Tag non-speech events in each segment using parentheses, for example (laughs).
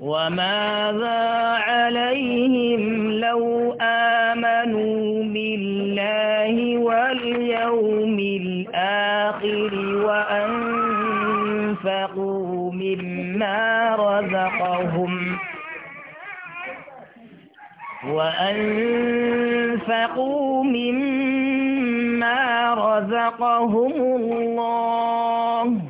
وماذا عليهم لو آمنوا بالله واليوم الآخر وأنفقوا مما رزقهم وأنفقوا مما رزقهم الله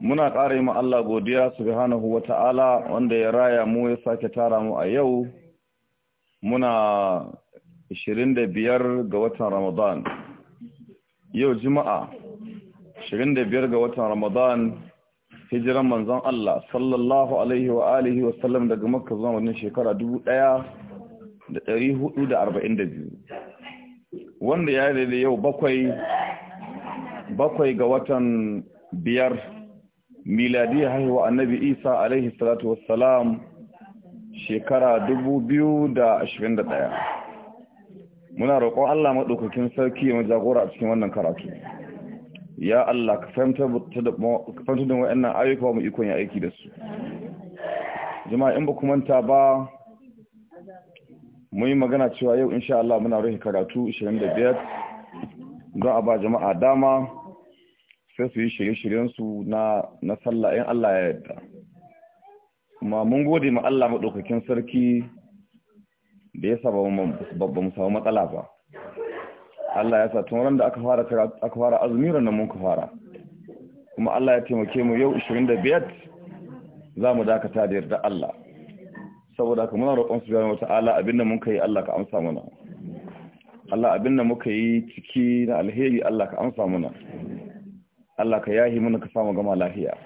muna ƙara yi Allah godiya subhanahu wa ta'ala wanda ya raya mu ya sake tara mu a yau muna 25 ga watan Ramadan yau juma'a 25 ga watan Ramadan hijiran manzon Allah sallallahu alaihi wa alihi wa sallam daga Makka zuwa wannan shekara 1442 wanda ya yi da yau bakwai bakwai ga watan biyar miladiyya haihuwa annabi isa alaihi salatu wassalam shekara 2021 muna roƙon Allah maɗaukakin sarki ya majagora a cikin wannan karatu ya Allah ka fahimtar da wa'annan ayyuka mu ikon ya aiki da su jama'a in ba ku manta ba mu yi magana cewa yau insha Allah muna rufe karatu 25 don a ba jama'a dama sai su yi shirye-shiryensu na na sallah in Allah ya yarda kuma mun gode ma Allah maɗaukakin sarki da ya sa ba mu samu matsala ba Allah ya sa tun da aka fara aka fara azumi ranar mun ka fara kuma Allah ya taimake mu yau 25 za mu dakata da yarda Allah saboda ka muna roƙon ala abin abinda mun ka yi Allah ka amsa mana Allah abinda muka yi ciki na alheri Allah ka amsa mana Allah ka yahi mana ka samu gama lafiya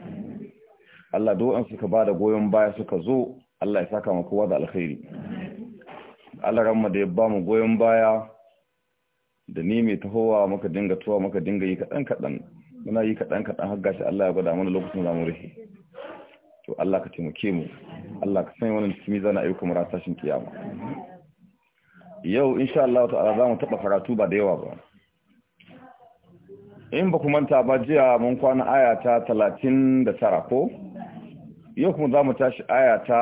Allah wanda suka bada goyon baya suka zo Allah ya saka maka kowa da alkhairi Allah ranmu da ya ba mu goyon baya da ni mai tahowa muka dinga tuwa muka dinga yi kaɗan kaɗan muna yi kaɗan kaɗan har gashi Allah ya gwada mana lokacin zamu rufe to Allah ka taimake mu Allah ka sanya wannan cikin zana ayyukan ratashin kiyama yau insha Allah ta'ala mu taba karatu ba da yawa ba in ba manta ba jiya mun kwana aya ta talatin da tara ko yau kuma za mu tashi aya ta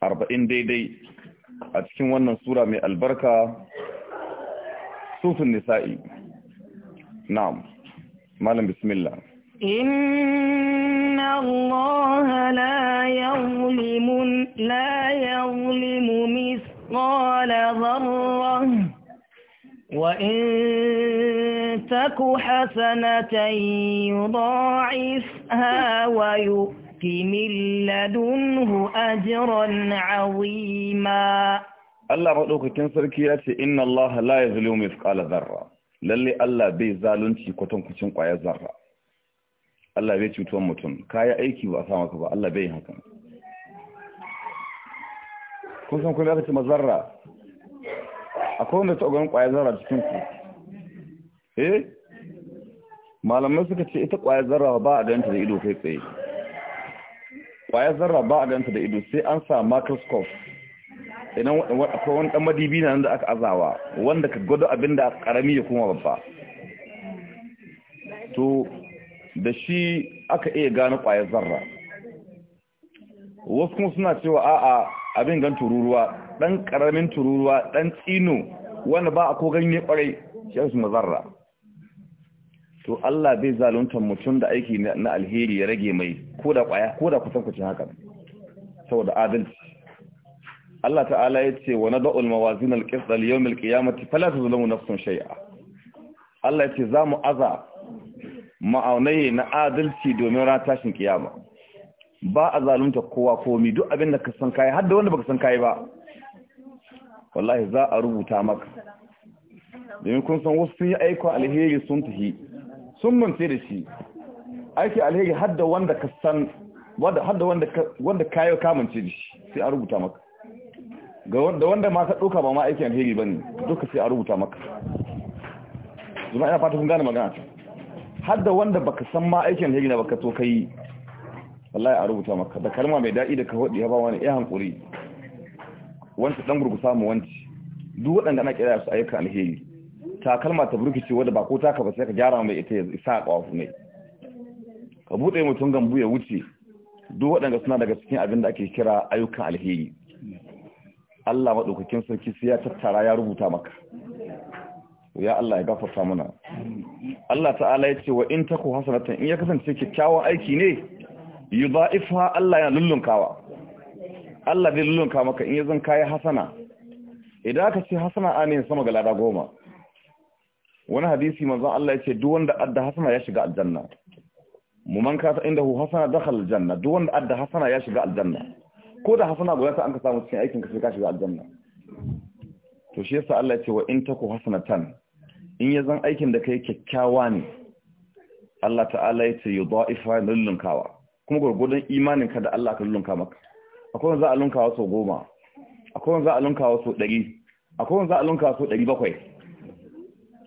arba'in daidai a cikin wannan sura mai albarka sufin nisa'i na'am malam bismillah إن الله لا يظلم لا يظلم مثقال wa وإن تك حسنة يضاعفها ويؤت من لدنه أجرا عظيما Allah maɗaukakin sarki ya ce, Inna Allah la ya zulumi tsakala zarra, lalle Allah bai zalunci kwatankwacin ƙwayar zarra. Allah bai cutuwan mutum, kaya aiki ba a sa maka ba, Allah bai hakan. Kun san kuma ya ce zarra akwai wanda ta ƙwayar zarra cikin ku, eh malamai suka ce ita kwayar zarra ba a danta da ido kai tsaye kwayar zarra ba a danta da ido sai an sa microscope idan akwai wani dan madibi na da aka azawa wanda ka gwado abin da ƙarami ya kuma babba to da shi aka iya gano kwayar zarra wasu kuma suna cewa a abin gan tururuwa dan karamin tururuwa dan tsino wanda ba a ko ganye kwarai shi ne mazarra to Allah bai zalunta mutum da aiki na alheri ya rage mai ko da kwaya ko da kusan kucin haka saboda adalci Allah ta'ala ya ce wa nada'ul mawazin al-qist al-yawm al-qiyamati fala tuzlamu nafsun shay'a Allah ya ce za mu aza ma'aunai na adalci domin ran tashin kiyama ba a zalunta kowa komi duk abin da ka san kai har da wanda baka san kai ba wallahi za a rubuta maka domin kun san wasu sun yi aiko alheri sun tafi sun mance da shi aiki alheri hadda wanda ka san hadda wanda kayo kamance da shi sai a rubuta maka da wanda ma ka ɗauka ba ma aiki alheri ba ne duka sai a rubuta maka zuma ina fata kun gane magana hadda wanda baka san ma aiki alheri na baka to ka yi wallahi a rubuta maka da kalma mai daɗi da ka hudu ya ba wani ya eh, hankuri wancan ɗan gurgusa mu wanci duk waɗanda ana kira su ayyukan alheri takalma ta burkice wadda ba ko taka ba sai ka gyara mai ita ya isa a ƙawafu ne ka buɗe mutum gambu ya wuce duk waɗanda suna daga cikin abin da ake kira ayyukan alheri Allah maɗaukakin sarki sai ya tattara ya rubuta maka ya Allah ya gafarta mana Allah ta'ala ya ce wa in taku hasanatan in ya kasance kyakkyawan aiki ne yudha'ifha Allah ya lullunkawa Allah zai lullunka maka in ya zan kai hasana idan aka ce hasana a ne sama ga lada goma wani hadisi manzon Allah yace duk wanda adda hasana ya shiga aljanna muman kata indahu hasana dakhala aljanna duk wanda adda hasana ya shiga aljanna ko da hasana guda ta an ka samu cikin aikin ka sai ka shiga aljanna to shi yasa Allah yace wa in taku hasanatan in ya zan aikin da kai kyakkyawa ne Allah ta'ala yace yudha'ifa lullunkawa kuma gurgurdan imanin ka da Allah ka lullunka maka akwai wanda za a lunkawa so goma akwai wanda za a lunkawa so ɗari. akwai wanda za a lunkawa so bakwai.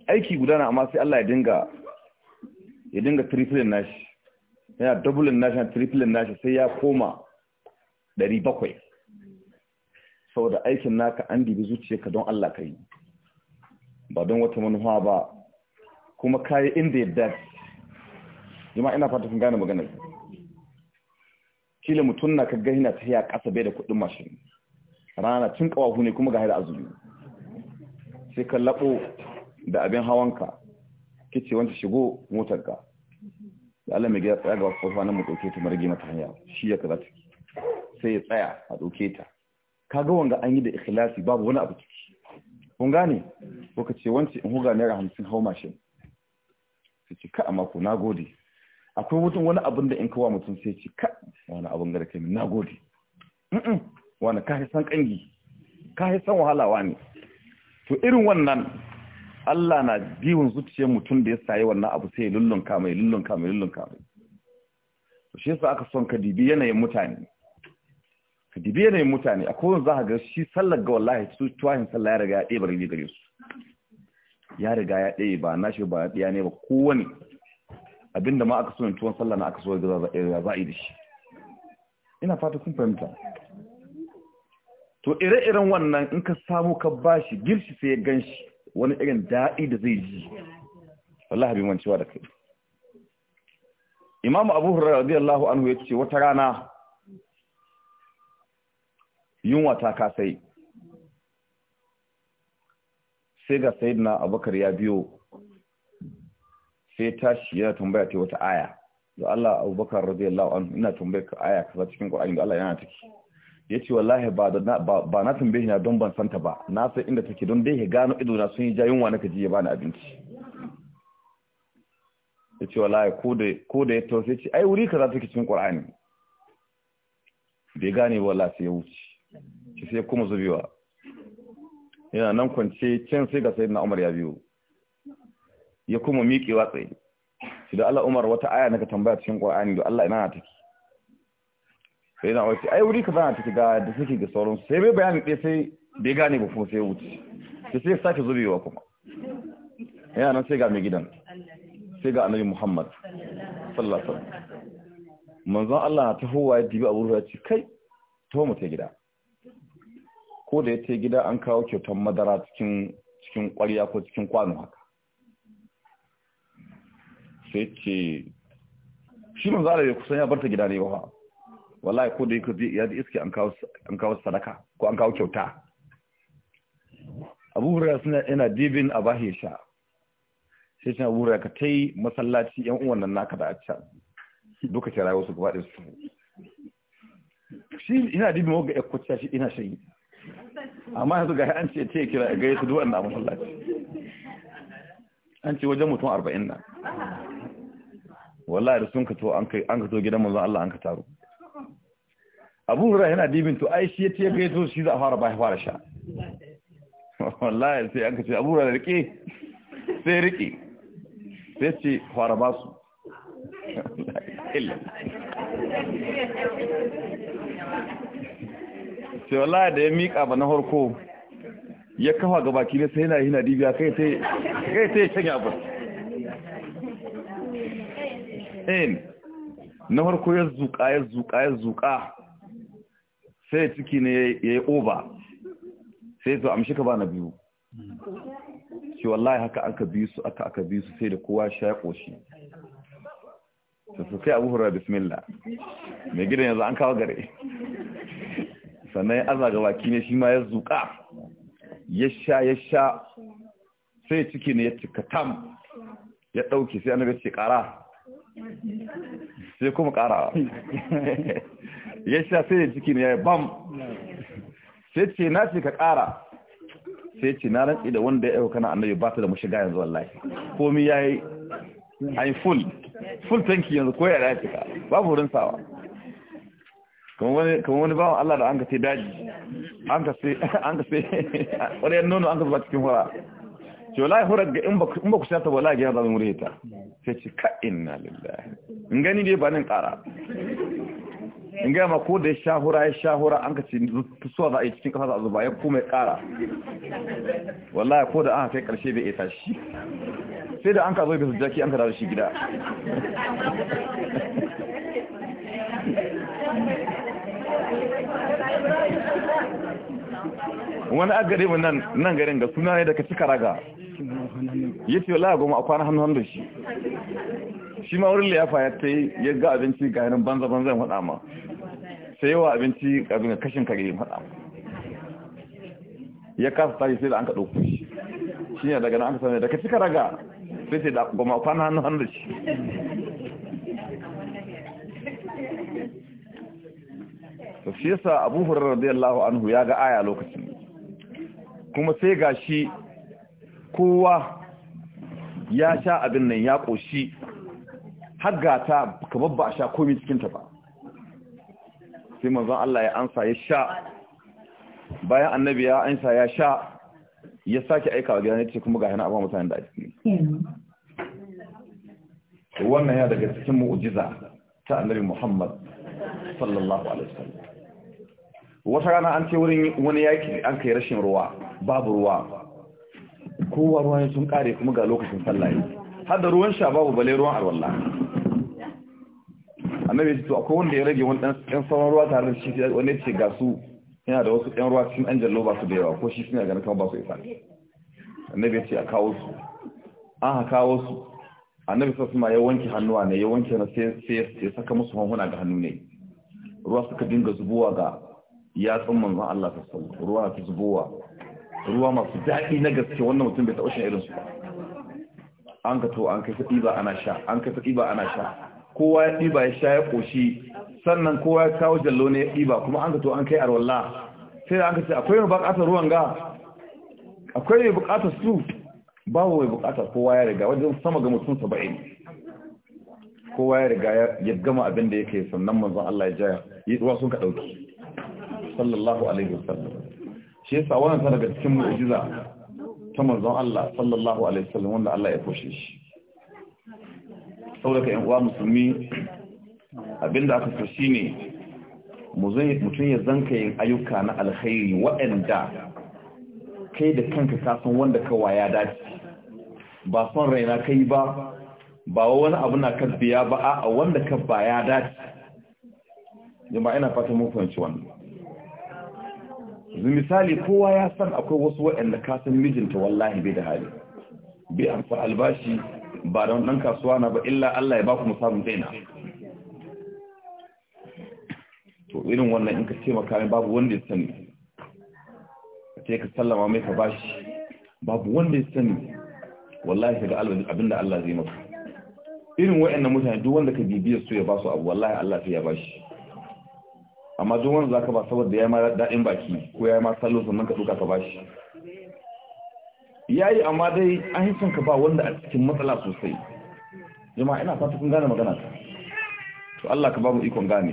aiki gudana amma sai Allah ya dinga ya dinga triplin nashi ya doubling nashi na triplin nashi sai ya koma 700 da aikin naka an dibi ka don Allah ka ba don wata manuwa ba kuma kayi inda ya dace jama'a ina fata sun gane maganar kila mutum na ta yi a kasa bai da kuɗin mashin rana cin kawahu ne kuma ga haida azumi sai ka labo da abin hawanka kice wanda shigo motarka da Allah mai gida tsaya ga wasu nan mu ɗauke ta marage mata hanya shi ya kaza take sai ya tsaya a ɗauke ta kaga wanga an yi da ikhlasi babu wani abu ciki kun gane ko ka ce wance in huga naira hamsin hau mashin sai ce ka amma ko nagode akwai mutum wani abin da in kawo mutum sai ce ka wani abin gada kai min nagode wani ka san kangi ka san wahalawa ne to irin wannan Allah na biyun zuciyar mutum da ya sayi wannan abu sai lullunka mai lullunka mai lullunka mai shi yasa aka son ka dibi yanayin mutane ka dibi yanayin mutane a kowane za ka ga shi sallar ga wallahi su tuwahin sallah ya riga ya ɗaya bari gare su ya riga ya ɗaya ba na shi ba ya ɗaya ne ba kowane abinda ma aka so yin tuwon sallah na aka so ya eh, za a yi da shi ina fata kun fahimta to ire-iren wannan in ka samu ka bashi girshi sai ya gan shi wani irin daɗi da zai ji Allah bin mancewa da kai imamu abu hurra radiyallahu anhu ya ce wata rana yunwa ta kasai sai ga sayidina abubakar ya biyo sai tashi yana tambaya ta wata aya da Allah abubakar radiyallahu anhu ina tambayar ka aya kaza cikin Qur'ani da Allah yana take ya ce wallahi ba na tambaye na don ban santa ba na san inda take don dai ya gano ido na sun yi ja wa na kaji ya bani abinci ya ce wallahi ko da ya tausa ce ai wuri kaza take cikin qur'ani bai gane wallahi sai ya wuce Ki sai kuma zubewa yana nan kwance can sai ga sayyidina Umar ya biyo ya kuma miƙewa tsaye shi da Allah Umar wata aya naka tambaya cikin qur'ani da Allah ina na take sai na wace ai wuri ka zana take ga da suke ga sauran sai bai bayani ɗaya sai da ya gane ba kuma sai wuce sai sai sake zubewa kuma yana nan sai ga mai gidan sai ga annabi Muhammad sallallahu alaihi wasallam manzon Allah ta huwa ya dibi abubuwa Hurairah ce kai to mu ta gida ko da ya ta gida an kawo kyautar madara cikin cikin ƙwarya ko cikin kwano haka sai ce shi manzo Allah bai kusan ya bar ta gida ne ba wallahi ko da ya ji iske an kawo sadaka ko an kawo kyauta abu hurra suna yana dibin a bahe sha sai suna hurra ka ta yi masallaci yan uwan nan naka da a can duka ce rayuwa su gaba da su shi ina dibin waga ya kwaciya shi ina shayi amma yanzu ga an ce ce kira ga yasu duwan na masallaci an ce wajen mutum arba'in na wallahi da sun ka to an ka to gidan manzon Allah an ka taro abun hura yana dibin to ai shi ya ce ya zo shi za a fara ba ya fara sha wallahi sai an kace ce da rike sai rike sai ce fara ba su sai wallahi da ya miƙa ba na harko ya kafa ga baki ne sai yana yi na dibiya kai sai kai sai ya abu in na harko ya zuƙa ya zuƙa ya zuƙa sai ciki ne ya yi oba sai su amshi ka ba na biyu shi wallahi haka aka bi su aka aka bi su sai da kowa sha ya ƙoshi su kai abu hura bismillah mai gidan yanzu an kawo gare sannan ya aza baki ne shi ma ya zuƙa ya sha ya sha sai ciki ne ya cika tam ya ɗauki sai annabi ce ƙara sai kuma ƙarawa ya sha sai ya jikin ya yi bam sai ce na ce ka ƙara sai ce na rantsi da wanda ya ɗauka na annabi ba ta da mashiga yanzu wallahi komi ya yi a yi full full tanki yanzu ko ya da ya cika babu wurin sawa kamar wani bawan Allah da an ka ce daji an ka sai (laughs) an ka sai ƙwariyar (laughs) nono an ka zuba cikin hura ce wallahi hura ga in ba ku sha ta wallahi ga yanzu zama murhita sai ce ka inna lillahi in gani dai ba nan ƙara in gaya ma ko da ya shahura ya shahura an ka ce tusuwa za a yi cikin kasa za a zuba ya kuma ya kara wallahi ko da an kai karshe bai isa shi sai da an ka zo ga jaki an ka dawo shi gida wani agare mu nan nan garin ga suna ne daga cikaraga raga yace wallahi goma a kwana hannu hannu shi shi ma wurin liyafa ya ta yi ya ga abinci ga yanin banza banza ya faɗa ma sai yawa abinci abin da kashin kare ya ma ya kasa tashi sai da an ka ɗauko shi shi ne daga nan an ka sami daga cika raga sai sai da goma kwana hannu hannu da shi to shi yasa abu hurairar radiyallahu anhu ya ga aya lokacin kuma sai gashi kowa ya sha abin nan ya ƙoshi har ta kamar ba a sha komi cikinta ba sai manzon Allah ya ansa ya sha bayan annabi ya ansa ya sha ya sake aikawa gidan ya ce kuma ga yana abuwa mutane da aiki wannan ya daga cikin mu'ujiza ta annabi Muhammad sallallahu alaihi wasallam wata rana an ce wurin wani yaki an kai rashin ruwa babu ruwa kowa ruwa ya sun kare kuma ga lokacin sallah har da ruwan sha babu bale ruwan arwallah annabi ya ce to akwai wanda ya rage wani ɗan sauran ruwa tare da shi wanda ya ce ga su yana da wasu ɗan ruwa cikin ɗan jallo ba su da yawa ko shi suna ganin kama ba su isa annabi ya ce a kawo su an ha kawo su annabi sa ma ya wanke hannuwa ne ya wanke na sai ya saka musu hanhuna ga hannu ne ruwa suka dinga zubowa ga yatsun manzan Allah ta sassu ruwa ta zubowa ruwa masu daɗi na gaske wannan mutum bai taɓa shan irinsu ba an ka to an kai ta ɗiba ana sha an kai ta ɗiba ana sha kowa ya ɗiba ya sha ya ƙoshi sannan kowa ya kawo jallo ne ya ɗiba kuma an ka to an kai arwalla sai da an ka ce akwai mai buƙatar ruwan ga akwai mai buƙatar su babu mai buƙatar kowa ya riga wajen sama ga mutum saba'in kowa ya riga ya gama abin da yake sannan manzon Allah ya jaya yi ruwa sun ka ɗauki sallallahu alaihi wasallam shi yasa wannan tana daga cikin mu'jiza ta manzon Allah sallallahu alaihi wasallam wanda Allah ya koshe shi saboda yan uwa musulmi abinda aka so shine mutum ya zanka yin ayyuka na alkhairi waɗanda kai da kanka kasan wanda ka ya dace ba son raina kai ba ba wani abu na ka biya ba a wanda ka ba dace jama'a ina fata mun fahimci wannan misali kowa ya san akwai wasu waɗanda kasan mijinta wallahi bai da hali bai amsa albashi ba don ɗan kasuwa na ba illa Allah ya ba ku musamman daina to irin wannan in ka ce makamai babu wanda ya sani ka ce ka sallama mai ka bashi babu wanda ya sani wallahi ka ga abinda Allah zai maka irin wayannan mutane duk wanda ka bibiyar su ya ba su abu wallahi Allah sai ya bashi amma duk wanda ka ba saboda ya yi ma daɗin baki ko ya yi ma sallo sannan ka duka ka bashi Ya yi amma dai an yi son ka ba wanda a cikin matsala sosai jama'a ina fata kun gane magana ta to Allah ka ba mu ikon gane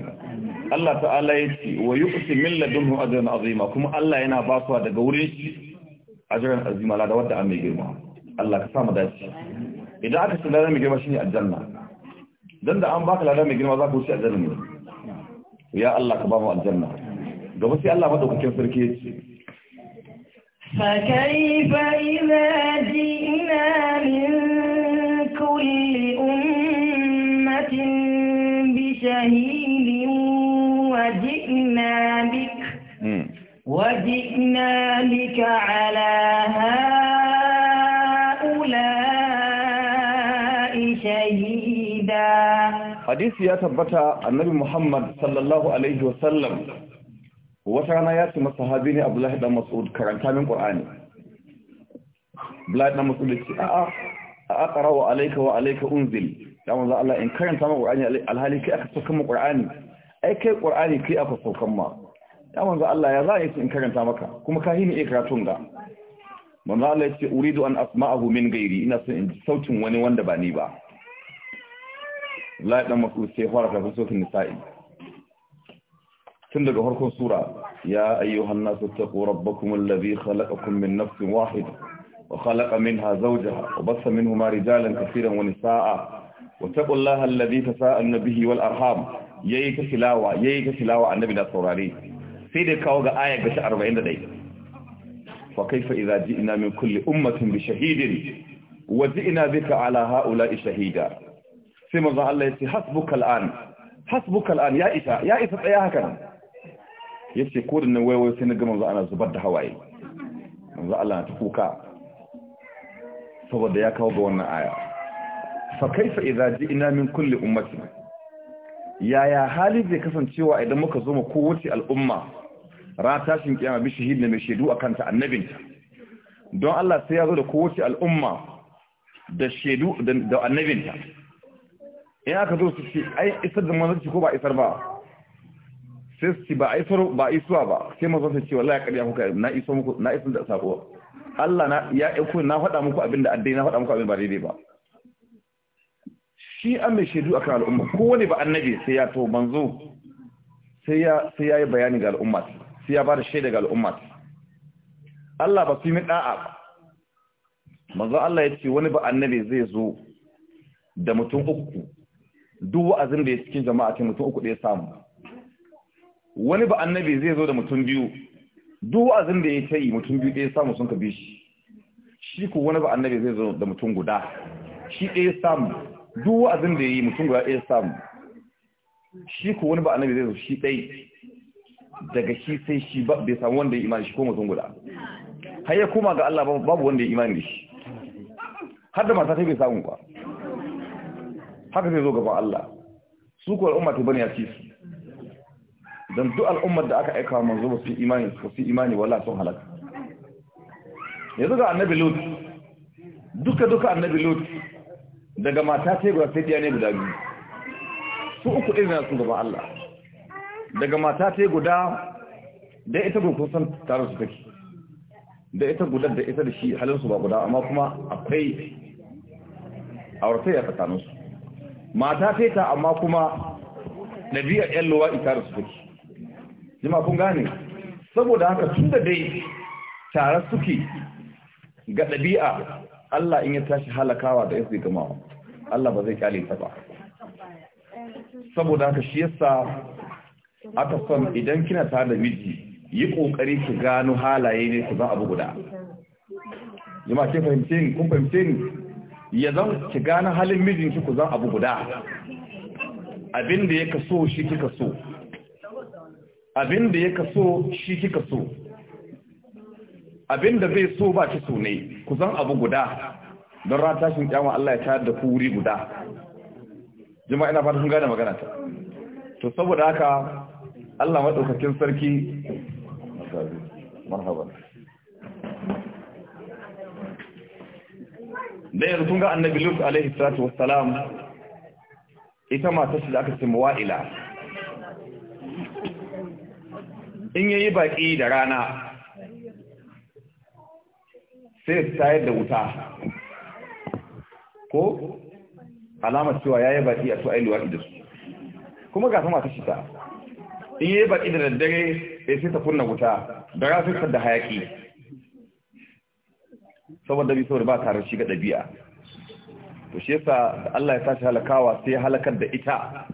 Allah ta'ala ya ce wa yuqsi min ladunhu ajran azima kuma Allah yana ba su daga wurin shi ajran azima la da wanda an mai girma Allah ka sa mu dace idan aka ce ladan mai girma shine aljanna dan da an baka ladan mai girma za ku ci aljanna ne ya Allah ka ba mu aljanna gaba sai Allah madaukakin sarki ya ce فكيف إذا جئنا من كل أمة بشهيد وجئنا بك وجئنا بك على هؤلاء شهيدا حديث يا تبتا النبي محمد صلى الله عليه وسلم wata rana ya ce masa habi ne abdullahi dan mas'ud karanta min qur'ani abdullahi dan mas'ud ce a'a a aqra wa alayka wa alayka unzil dan manzo Allah in karanta min qur'ani alhali kai aka saukan min qur'ani ai kai qur'ani kai aka saukan ma dan manzo Allah ya za in karanta maka kuma ka hini ikratun ga manzo Allah ya ce uridu an asma'ahu min ghairi ina son in ji sautin wani wanda ba ni ba Allah dan mas'ud sai fara sokin nisa'i تند هركون سورة يا أيها الناس اتقوا ربكم الذي خلقكم من نفس واحدة وخلق منها زوجها وبث منهما رجالا كثيرا ونساء واتقوا الله الذي تساءلن به والأرحام ييك سلاوة ييك سلاوة عن نبينا صوراني سيد كاوغا آية بشا أربعين دقيقة فكيف إذا جئنا من كل أمة بشهيد وجئنا بك على هؤلاء شهيدا سيما الله يسي حسبك الآن حسبك الآن يا إيسا يا إيسا يا هكذا ya ce ko da nan waiwai sai na gama manzo ana zubar da hawaye manzo Allah kuka saboda ya kawo ga wannan aya fa kaifa idza ji'na min kulli ummati yaya hali zai kasancewa idan muka zo mu kowace al'umma ra tashin kiyama bi shahid ne mai shaidu akan ta annabinta don Allah sai ya zo da kowace al'umma da shaidu da annabinta in aka zo su ce ai isar da manzanci ko ba isar ba sai su ci ba a isuwa ba sai mazo su ce wallahi ƙarya kuka na iso muku na iso da sako Allah na ya iko na faɗa muku abin da addini na faɗa muku abin ba daidai ba shi an mai shaidu akan al'umma wani ba annabi sai ya to manzo sai ya sai yayi bayani ga al'umma sai ya bada shaida ga al'umma Allah ba su yi da'a manzo Allah ya ce wani ba annabi zai zo da mutum uku duk wa'azin da ya cikin jama'a ta mutum uku da ya samu wani ba annabi zai zo da mutum biyu duk wa'azin da ya kai mutum biyu ɗaya samu sun ka bi shi shi ko wani ba annabi zai zo da mutum guda shi ɗaya samu duk wa'azin da ya yi mutum guda ɗaya samu shi ko wani ba annabi zai zo shi ɗai daga shi sai shi ba bai samu wanda ya imani shi ko mutum guda har ya koma ga Allah babu wanda ya imani da shi har da mata sai bai samu ba haka zai zo gaban Allah su ko al'umma ta bani ya ci su don duk al'ummar da aka aika manzo ba su imani ba su imani wala sun halaka yanzu ga annabi lut duka duka annabi lut daga mata sai guda sai ɗaya ne guda biyu su uku na sun gaba Allah daga mata sai guda da ita ba kusan tare su take da ita guda da ita da shi halin su ba guda amma kuma akwai aurata ya su. mata sai ta amma kuma yan ƴan ita da su take jima kun gane saboda haka tun da dai tare suke ga ɗabi'a Allah in ya tashi halakawa da ya zai gama Allah ba zai kyale ta ba saboda haka shi yasa aka son idan kina tare da miji yi kokari ki gano halaye ne ku za abu guda jima ke fahimce ni kun fahimce ni ya zan ki gano halin mijinki ku za abu guda abin da ya kaso shi kika so abin da ya kaso shi kika so abin da zai so ba ki so ne ku zan abu guda don ran tashin kyama Allah ya tayar da ku wuri guda jima ina fata sun gane magana ta to saboda haka Allah madaukakin sarki marhaba da yanzu kun ga annabi Lut alaihi salatu wassalam ita ma shi da aka ce muwa'ila in yayi baki da rana sai tayar da wuta ko alamar cewa yayi baki a su ai luwaki da su kuma ga sama ta shita in yayi baki da daddare sai sai ta kunna wuta da rafin da hayaki saboda bi saboda ba tare shi ga dabi'a to shi yasa da Allah ya tashi halakawa sai halakar da ita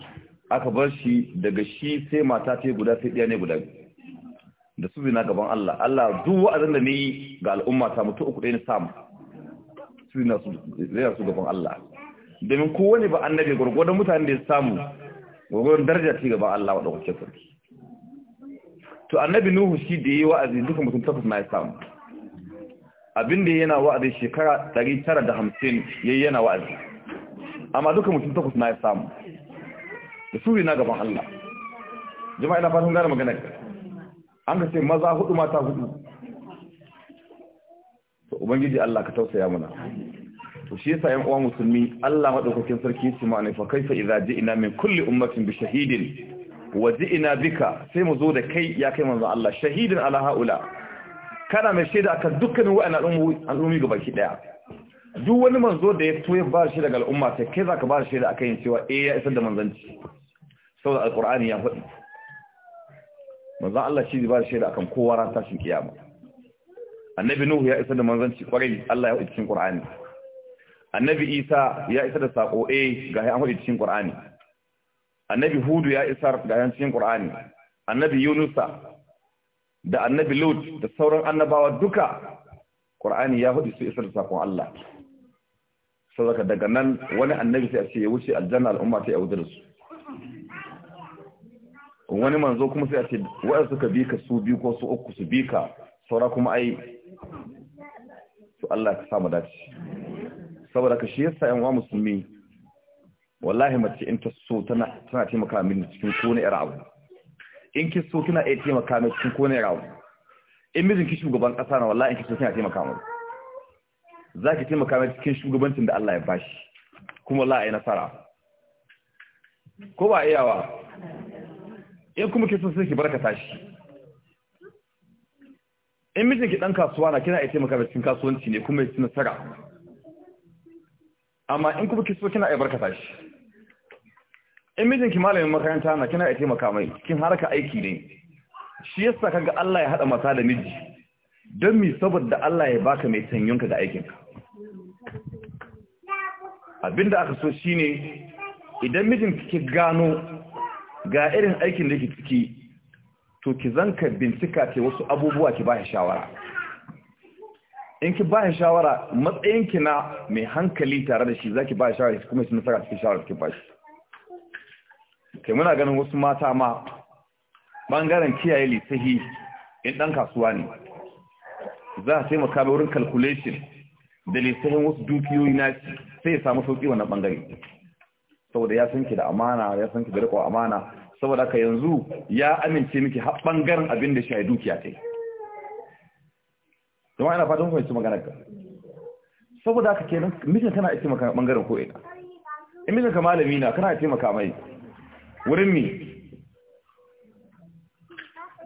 aka bar shi daga shi sai mata ta guda sai ɗiya ne guda biyu da su zina gaban Allah Allah duk wa'azin da nayi ga al'umma ta mutu uku ɗaya samu su zina su zina su gaban Allah domin kowane ba annabi gurgurdan mutane da ya samu gurgurdan daraja ce gaban Allah wa dauke sarki to annabi nuhu shi da yayi wa'azi duka mutum takwas na ya samu abin da yana wa'azi shekara 950 yayi yana wa'azi amma duka mutum takwas na ya samu da su zina gaban Allah jama'a ina fatan gane magana an ka ce maza hudu mata hudu to ubangiji Allah ka tausaya mana to shi yasa ƴan uwa musulmi Allah madaukakin sarki yace ma'ana fa kaifa idza ji'na min kulli ummatin bi shahidin wa ji'na bika sai mu zo da kai ya kai manzo Allah shahidin ala haula kana mai shaida akan dukkanin wa'annan al'ummi ga baki daya duk wani manzo da ya toye ba shi daga al'umma sai kai zaka ba shi shaida akan cewa eh ya isar da manzanci saboda alqur'ani ya faɗi manzan Allah shi ne ba da shaida akan kowa ran tashin kiyama annabi nuhu ya isa da manzanci kwarai Allah ya hudu cikin qur'ani annabi isa ya isa da sako eh ga ya hudu cikin qur'ani annabi hudu ya isa ga yan cikin qur'ani annabi yunusa da annabi lut da sauran annabawa duka qur'ani ya hudu su isar da sakon Allah saboda daga nan wani annabi sai a ce ya wuce aljanna al'umma ta ya wuce da su wani manzo kuma sai a ce waɗanda suka bi ka su biyu ko su uku su bi ka saura kuma ai to Allah ka samu dace saboda ka shi yasa yan wa musulmi wallahi mace in ta so tana tana taimaka min cikin kone yar abu in ki so kina iya taimaka min cikin kone yar abu in mijin ki shugaban kasa na wallahi in ki so kina taimaka min zaki taimaka min cikin shugabancin da Allah ya bashi kuma wallahi nasara ko ba iyawa in kuma ke sai ki barkata shi in mijin ki dan kasuwa na kina iya taimaka cikin kasuwanci ne kuma ya ci nasara amma in kuma ki so kina iya barkata shi in mijin ki malamin makaranta na kina iya taimaka mai cikin harka aiki ne shi yasa kaga Allah ya hada mata da miji don mi saboda Allah ya baka mai tanyunka da aikinka abinda aka so shine idan mijin ki gano ga irin aikin da ke ciki to ki zanka bincika ce wasu abubuwa ki ba shawara in ki ba shawara matsayinki na mai hankali tare da shi zaki ba shawara kuma shi nasara cikin shawara ki bashi ke muna ganin wasu mata ma bangaren kiyaye lisahi in dan kasuwa ne za a taimaka mai wurin calculation da lisahin wasu dukiyoyi na sai ya samu sauki wannan bangare saboda ya sanke da amana ya sanke da riko amana saboda haka yanzu ya amince miki har bangaren abin da shi dukiya ta yi kuma ina fatan kuma ci magana ka saboda haka kenan mijin kana yi maka bangaren ko ina in mijin ka malami na kana yi maka mai wurin mi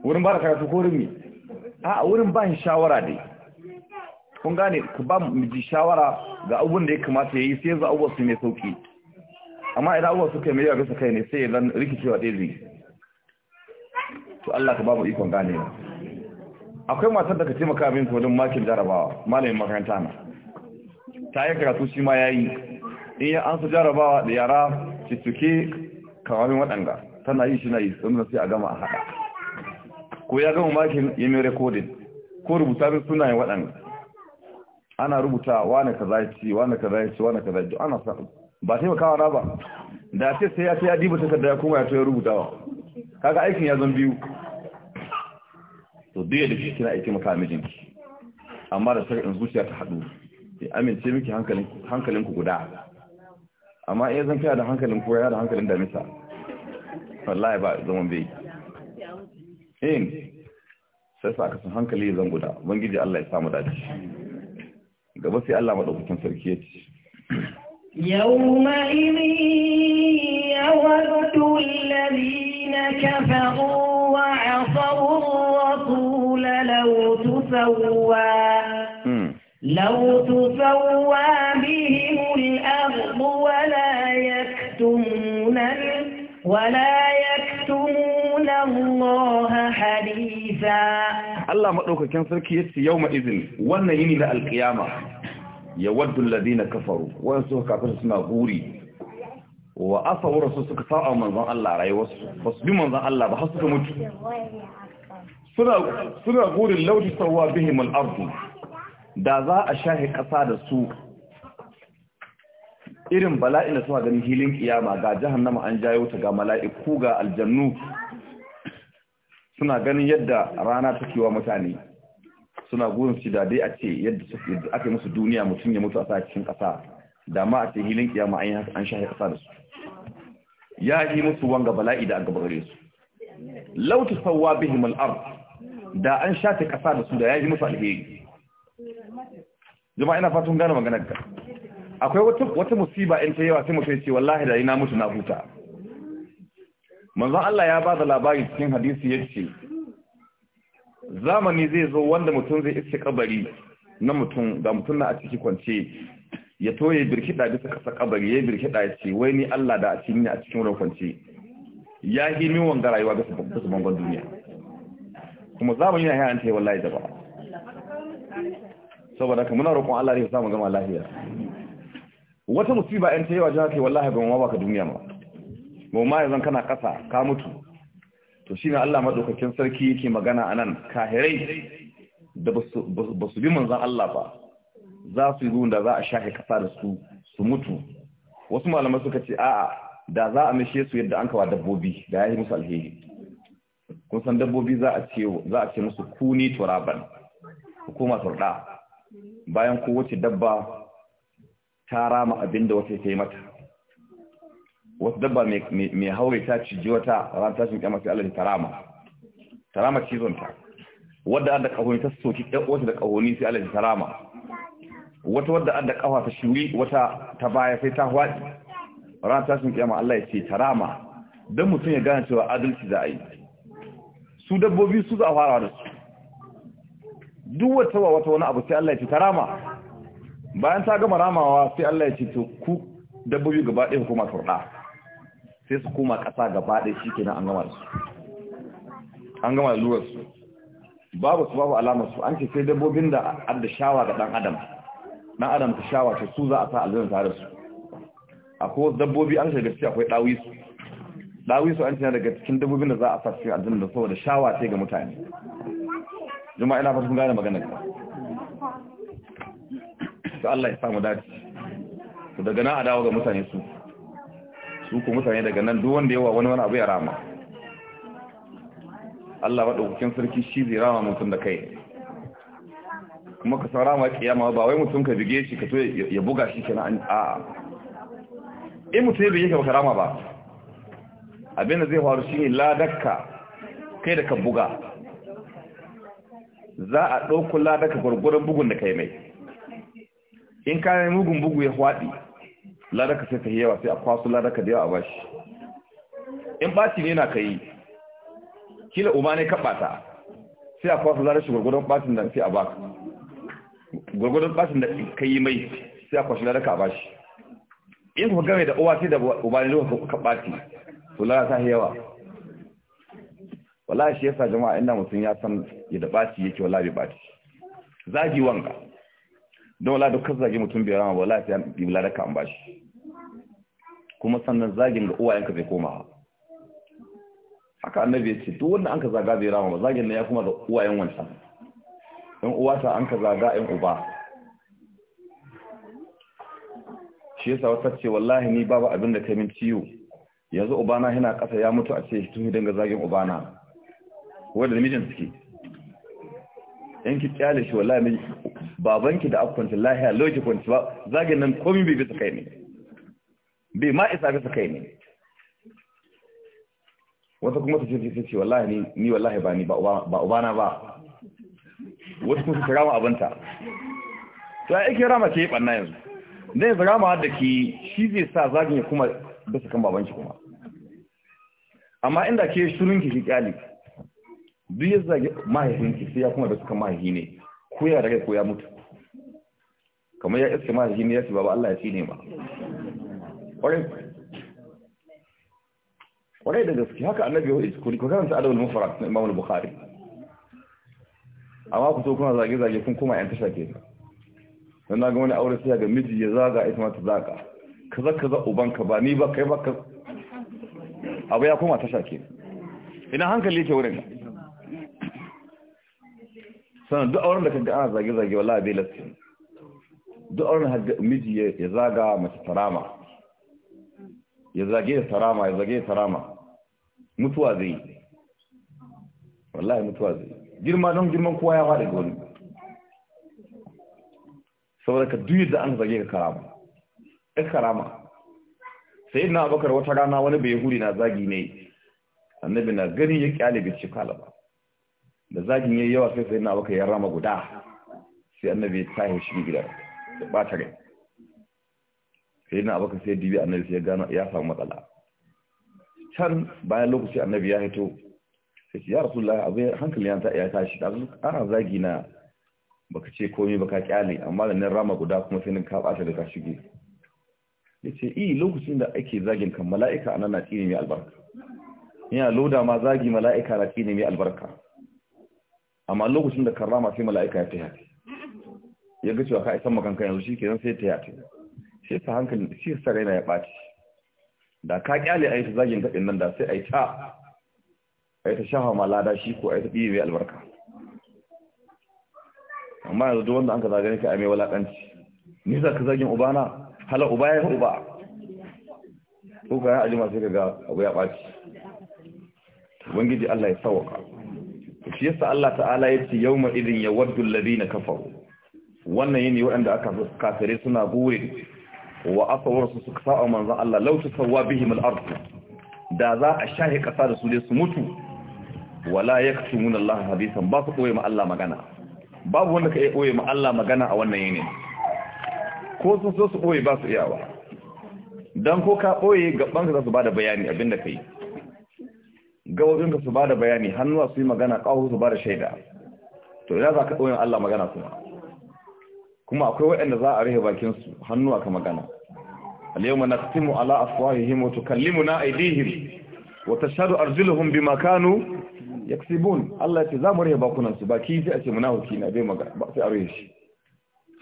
wurin ba da ko wurin mi a wurin ba shawara dai kun gane ku ba miji shawara ga abubuwan da ya kamata ya yi sai yanzu abubuwan su ne sauki amma idan abubuwa suka yi mai yawa bisa kai ne sai zan rikicewa ɗaya zai to Allah ka ba mu ikon gane akwai matar da ka taimaka abin kodin makin jarabawa malamin makaranta na ta yi karatu shi ma ya yi in ya an su jarabawa da yara cituke kawamin waɗanga tana yi shi na yi sun sai a gama a haɗa ko ya gama makin ya mai rekodin ko rubuta bin sunayen waɗanga ana rubuta wane ka zai ci wane ka zai ci wane ka zai ci ana sa ba taimakawa na ba da ce sai ya ya diba takarda ya kuma ya to ya rubutawa kaga aikin ya zan biyu to duk da shi kina aikin maka mijinki amma da sarkin zuciya ta hadu ya amince miki hankalin hankalin ku guda amma in zan kiya da hankalin ku ya da hankalin da misa wallahi ba zaman bai in sai sa aka san hankali zan guda ubangiji Allah ya samu dace gaba sai Allah madaukakin sarki ya ce يومئذ يود الذين كفروا وعصوا الرسول لو تسوى لو تسوى بهم الأرض ولا يكتمون ولا يكتمون الله حديثا الله مدوكاكين سركي يومئذ وانا يني القيامة ya waddu alladhina kafaru wa su kafir suna guri wa asawar su suka sa'a manzan Allah rayuwarsu ba su bi manzan Allah ba har suka mutu suna gurin lauji sarwa bihim al da za a shahi kasa da su irin bala'in da suna ganin hilin kiyama ga jahannama an jayo ta ga mala'iku ga aljannu suna ganin yadda rana take wa mutane suna gurin su da dai a ce yadda ake musu duniya mutum ya mutu a sa cikin ƙasa da ma a ce hilin kiyama an yi haka an shahi ƙasa da su ya yi musu wanga bala'i da aka gare su lautu sauwa bihi mal'ar da an shafe ƙasa da su da ya yi musu alheri jama'a ina fatan gane maganar ka akwai wata wata musiba in ta yawa sai mutum ya ce wallahi da ina mutu na huta manzon Allah ya ba da labari cikin hadisi yace zamani zai zo wanda mutum zai iske kabari na mutum ga mutum na a ciki kwance ya to birki birkida bisa kasa kabari ya birkida ya ce wai ni Allah da a cikin ni a cikin wurin kwance ya yi min wanga rayuwa ga su bangon duniya kuma zamani na yayin ta wallahi da ba saboda kuma muna roƙon Allah ya samu gama lafiya wata musiba in ta yawa jaka wallahi ban wa baka duniya ma mu ma yanzu kana ƙasa ka mutu to shi na Allah maɗaukakin sarki yake magana a nan kahirai da ba su bi manzan Allah ba za su yi da za a shahe kasa da su su mutu wasu malamai suka ce a'a da za a mishe su yadda an kawa dabbobi da ya yi musu alheri kun san dabbobi za a ce musu kuni turaban hukuma turɗa bayan kowace dabba ta rama abin da wata ta yi mata wasu dabba mai haure ta ji wata ran tashin kyamar sai Allah ya tarama tarama cizon ta wadda da kahoni ta soki ɗan wata da kahoni sai Allah ya tarama wata wadda da kafa ta shuri wata ta baya sai ta hwaɗi ran tashin kyamar Allah ya ce tarama don mutum ya gane cewa adalci za a yi su dabbobi su za a fara da su duk wata wata wani abu sai Allah ya ce tarama bayan ta gama ramawa sai Allah ya ce to ku dabbobi gaba ɗaya hukumar turɗa sai su koma ƙasa gaba ɗaya shi kenan an gama da su an gama da su babu su babu alamar su an ce sai dabbobin da adda shawa ga ɗan adam ɗan adam ta shawa ta su za a sa aljanna tare su akwai wasu dabbobi an shiga gaskiya akwai ɗawi su ɗawi su an ce daga cikin dabbobin da za a sa cikin aljanna da saboda shawa ce ga mutane juma'a ina fatan gane magana ka to Allah ya samu dace Su daga na a dawo ga mutane su su ku mutane daga nan duk wanda yawa wani wani abu ya rama Allah ba ɗaukakin sarki shi zai rama mutum da kai kuma ka san rama kiyama ba wai mutum ka bige shi ka to ya buga shi kenan a in mutum ya bige ka baka rama ba abinda zai faru shi ne ladakka kai da ka buga za a ɗauko ladakka gwargwaron bugun da kai mai in ka mugun bugu ya faɗi ladaka sai ta yawa sai a kwaso ladaka da yawa a bashi in baci ne na kai kila uba ne kaɓa ta sai a kwaso ladar shi gwargwadon bacin da sai a baka gwargwadon bacin da ka yi mai sai a kwaso ladaka a bashi in ku game da uwa sai da uba ne lokacin ka ce to ladar ta yawa wallahi shi yasa jama'a ina mutum ya san ya da baci yake wallahi bai baci zagi wanga don wala dukkan zage mutum bai rama ba wala sai da wala ka an bashi kuma sannan zagin ga uwayenka bai koma haka annabi ya ce duk wanda anka zaga bai rama ba zagin nan ya kuma ga uwayen wancan in uwata anka zaga in uba shi yasa wata ce wallahi ni babu abin da kai min ciwo yanzu ubana yana kasa ya mutu a ce tun dinga zagin ubana wanda namijin suke in ki kyale shi wallahi ne babanki da lahi lahiya loki kwanci ba zagin nan komi bai bisa kai ne bai ma isa bisa kai ne wata kuma ta ce ce wallahi ni ni wallahi ba ni ba ubana ba wata kuma ta rama abinta to ai ke rama ke banna yanzu dan rama da ki shi zai sa zagin ya kuma bisa kan babanki kuma amma inda ke shirunki ki kyale duk ya zage ki sai ya kuma da suka mahaifi ne ko ya rage ko ya mutu kamar ya iske mahaifi ne ya ce baba Allah ya ci ne ba kwarai da gaske haka annabi ya wuce ku karanta adabul mufarrad na Imam al-Bukhari amma ku so kuna zage zage kun kuma yan tasha ke dan na ga wani aure sai ga miji ya zaga ita ma ta zaga kaza kaza ubanka ba ni ba kai ba ka abu ya kuma tasha ke ina hankali yake wurin sannan duk auren da kaga ana zage-zage wala bai lastin duk auren da miji ya zaga mace tarama ya zage ya tarama ya zage ya tarama mutuwa zai wallahi mutuwa zai girma don girman kowa ya faɗi gani saboda ka duyi da an zage ka karama ɗan karama sai na abokar wata rana wani bai huri na zagi ne annabi na gani ya kyale bai ci kalaba da zagin yayi yawa sai sai na baka ya rama guda sai annabi ya tashi shi gidan ya bata rai sai na baka sai dibi annabi sai ya gano ya samu matsala can bayan lokaci annabi ya hito sai ya rasulullahi abu hankali ya tashi da ana zagi na baka ce komai baka kyale amma da nan rama guda kuma sai nan ka bata da ka shige yace eh lokacin da ake zagin kan mala'ika anan na tsine mai albarka Ina loda ma zagi mala'ika na tsine mai albarka amma lokacin da karrama sai mala'ika ya taya ta ya ga cewa ka isan kan yanzu shi sai taya ta sai sa hankali shi sa raina ya ɓaci da ka kyale a yi ta zagin kadin nan da sai a yi ta a yi ta shafa malada lada shi ko a yi ta biye mai albarka amma yanzu duk wanda an ka zagani ka mai walakanci ni za ka zagin ubana hala uba ya yi uba ko ga yi ajima sai ka ga abu ya ɓaci ubangiji Allah ya sauka shi yasa Allah ta'ala ya ce yawma idin waddu alladhina kafaru wannan yini waɗanda aka kafire suna buri wa su, suka sa'a manzon Allah law tusawwa bihim al-ard da za a shahi kasa da su dai su mutu wala yaktumuna Allah hadisan ba su koyi ma Allah magana babu wanda ka iya koyi ma Allah magana a wannan yini ko sun so su koyi ba su iyawa dan ko ka koyi gaban ka za su bada bayani abinda kai gawajinka su ba da bayani hannuwa su yi magana ƙahu su ba da shaida to ina za ka ɗoyin Allah magana kuma kuma akwai waɗanda za a rihe bakinsu hannuwa ka magana al-yawma naqtimu ala afwahihim wa tukallimuna aydihim wa tashhadu arjuluhum bima kanu yaksibun Allah ce za mu rihe bakunan su baki sai a ce munafiki na bai magana ba sai a rihe shi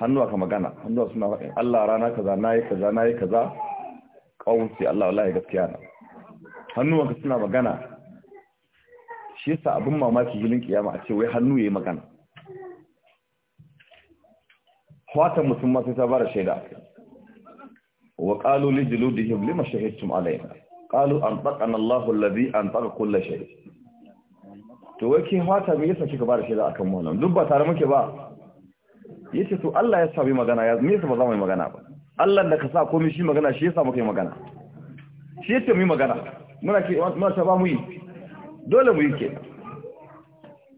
hannuwa ka magana hannuwa suna faɗi Allah rana kaza nayi kaza nayi kaza ƙawun sai Allah wallahi gaskiya na hannuwanka suna magana shi yasa abin mamaki hilin kiyama a ce wai hannu yayi magana fatan mutum sai ta bara shaida wa qalu li juludihim lima shahidtum alayna qalu an taqana Allahu alladhi an taqa kull shay to wai ke fata me yasa kika bara shaida akan wannan duk ba tare muke ba yace to Allah ya sami magana ya me yasa ba za mu yi magana ba Allah da ka sa komai shi magana shi yasa muka yi magana shi yace mu yi magana muna ke muna ta ba mu yi dole mu yi kenan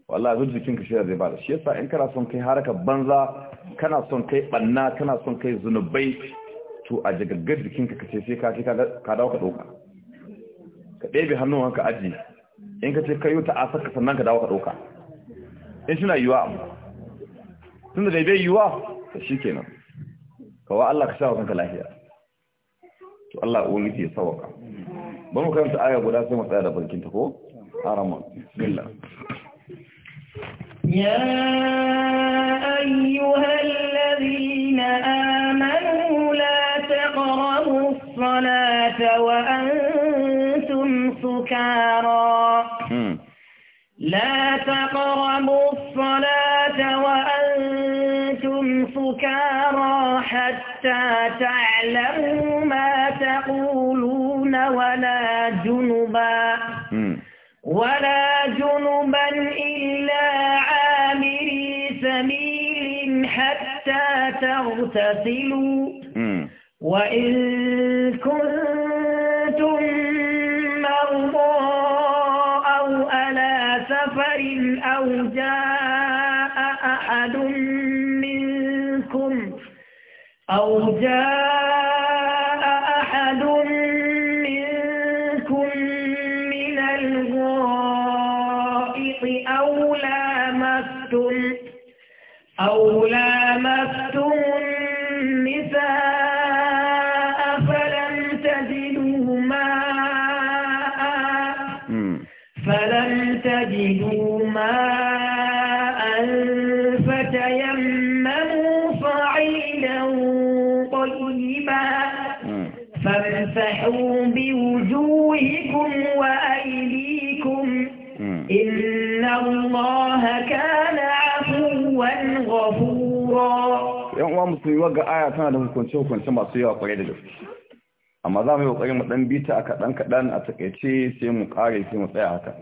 wallahi zuwa ka shi zai da shi yasa in kana son kai haraka banza kana son kai banna kana son kai zunubai to a jagaggar ka kace sai ka ce ka dawo ka doka ka ɗebe wanka aji in ka ce ka yi ta a saka sannan ka dawo ka doka in suna yiwa tun da bai yiwa ta shi kenan wa Allah ka shawo kanka lafiya to Allah ubangiji ya sawaka ba mu karanta aya guda sai mu tsaya da barkinta ko أرمون بسم الله يا أيها الذين آمنوا لا تقربوا الصلاة وأنتم سكارى لا تقربوا الصلاة وأنتم سكارى حتى تعلموا ما تقولون ولا جنبا ولا جنبا إلا عامري سبيل حتى تغتسلوا وإن da hukunce-hukunce masu yawa kwarai da gaske amma za mu yi ƙoƙarin mu ɗan bita a kaɗan kaɗan a takaice sai mu ƙare sai mu tsaya haka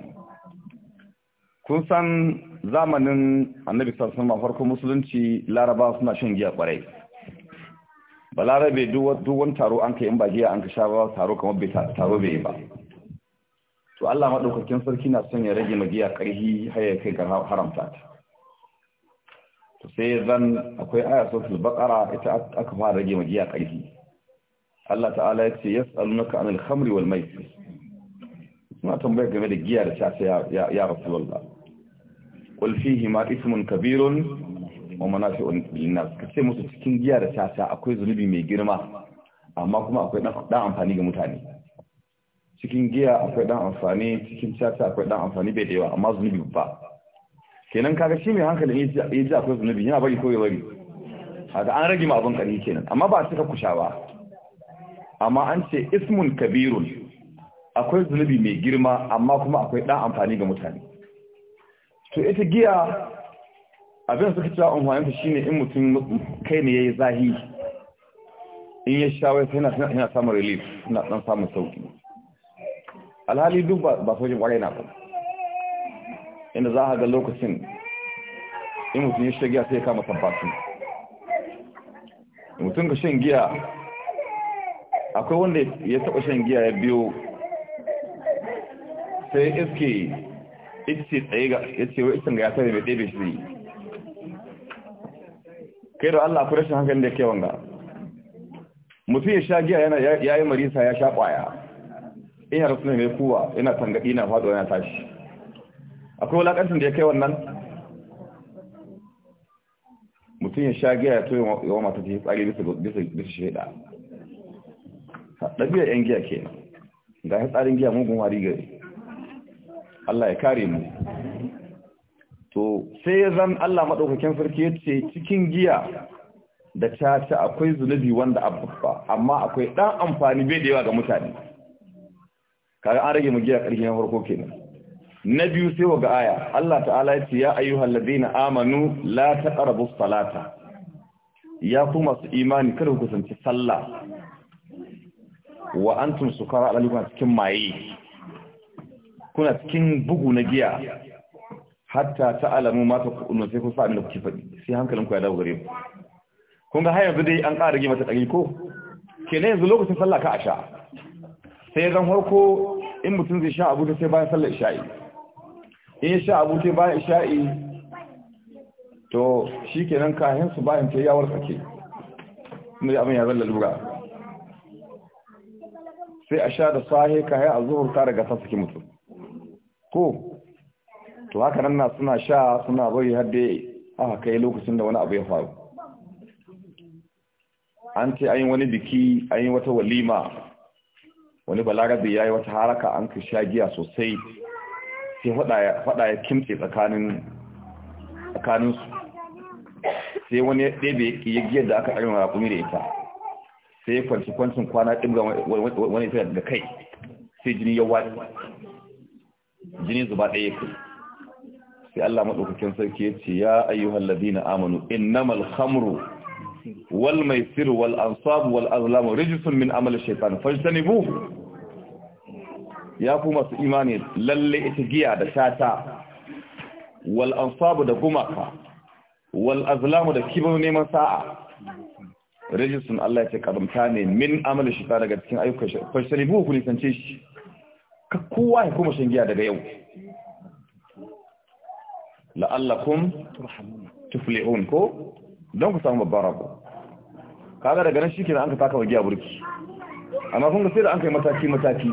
kun san zamanin annabi sassan ma farko musulunci laraba suna shan giya kwarai balarabe duk wani taro an kai yi ba giya an ka sha ba taro kamar bai taro bai ba to Allah maɗaukakin sarki na son ya rage magiya ƙarhi har ya kai ga haramta ta to sai zan akwai aya suratul baqara ita aka fara rage magiya kaifi. Allah ta'ala ya ce yas'alunaka anil khamri wal maisir suna tambaya game da giya da caca ya ya rasulullah kul fihi ma ismun kabirun wa manafi'un linnas kace musu cikin giya da caca akwai zunubi mai girma amma kuma akwai dan amfani ga mutane cikin giya akwai dan amfani cikin caca akwai dan amfani bai da yawa amma zunubi ba kenan kaga shi mai hankalin ya ji akwai zunubi yana bari ko ya bari haka an rage ma abin kari kenan amma ba a kusha ba amma an ce ismun kabirun akwai zunubi mai girma amma kuma akwai dan amfani ga mutane to ita giya abin suka cewa amfaninta shi ne in mutum kai ne yayi zahi in ya sha wai sai yana samun relief na dan samun sauki alhali duk ba sojin kwarai na ba inda za a ga lokacin in mutum ya shagiya sai ya kama tamfashi mutum ka shan giya akwai wanda ya taba shan giya ya biyo sai iske ice tsaye ga ya ce wa isan ga ya tare mai ɗebe shi kai da Allah akwai rashin hankali da ke wanga mutum ya sha giya yana ya yi marisa ya sha ƙwaya ina rasu ne mai kuwa ina tangaɗi na faɗo yana tashi akwai wulaƙancin da ya kai wannan mutum ya sha giya ya toye yawan mata ta yi tsari bisa shaida ɗabi'ar 'yan giya ke ga tsarin giya mugun wari gari Allah ya kare mu to sai ya zan Allah maɗaukakin sarki ya ce cikin giya da caca akwai zunubi wanda abubuwa amma akwai ɗan amfani bai da yawa ga mutane kaga an rage mu giya ƙarfi na farko kenan na biyu sai ga aya Allah ta'ala ya ce ya ayyuhal ladina amanu la taqrabu salata ya ku masu imani kada ku kusanci sallah wa antum sukara alaikum cikin maye kuna cikin bugu na giya hatta ta'lamu ma taqulun sai ku sa da kuke faɗi sai hankalin ku ya dawo gare ku kun ga har yanzu dai an ƙara rage mata ɗari ko kenan yanzu lokacin sallah ka a sha sai zan harko, in mutum zai sha abu sai bayan sallar isha'i in sha abu ce bayan isha'i to shi kenan kayan su bayan ta yawar sake inda abin ya zalla lura sai a sha da sahe kayan a zuhur ta daga sassake mutum ko to haka nan na suna sha suna bari har dai aka kai lokacin da wani abu ya faru an ce an wani biki an wata walima wani balarabe ya yi wata haraka an ka sha giya sosai sai faɗa ya kimce tsakanin su. sai wani ya giyar da aka arewa rakumi da ita sai ya kwanci kwancin kwana ɗimga wani ita da kai sai jini ya wani jini zuba ɗaya kai sai Allah maɗaukakin sarki ya ce ya ayyuhan amanu innamal khamru wal maisiru wal ansabu wal azlamu rijisun min amal shaitan fajtanibuhu ya fi masu imani lalle ita giya da shata wal ansabu da gumaka wal azlamu da kibar neman sa'a rijisun Allah ya ce karamta ne min amalin shi daga cikin ayyukan shi fashari buwa ku nisance shi ka kowa ya kuma shan giya daga yau la'allakum tuflihun ko don ku samu babban rabu kaga daga nan shi kenan an ka taka wa giya burki amma kun ga sai da an kai mataki mataki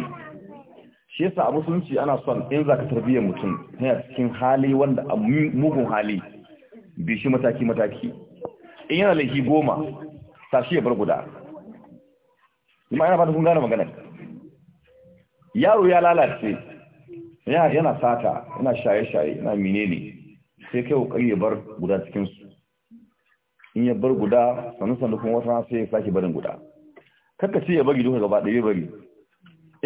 shi yasa a musulunci ana son in za ka tarbiyyar mutum yana cikin hali wanda a mugun hali bi shi mataki-mataki in yana laifi goma shi ya bar guda kuma yana fata kun gane magana yaro ya lalace yana sata yana shaye-shaye yana menene sai kai kokari ya bar guda cikinsu in ya bar guda sannu sannu kuma wata sai ya sake barin guda kakka ce ya bari duka gaba ɗaya bari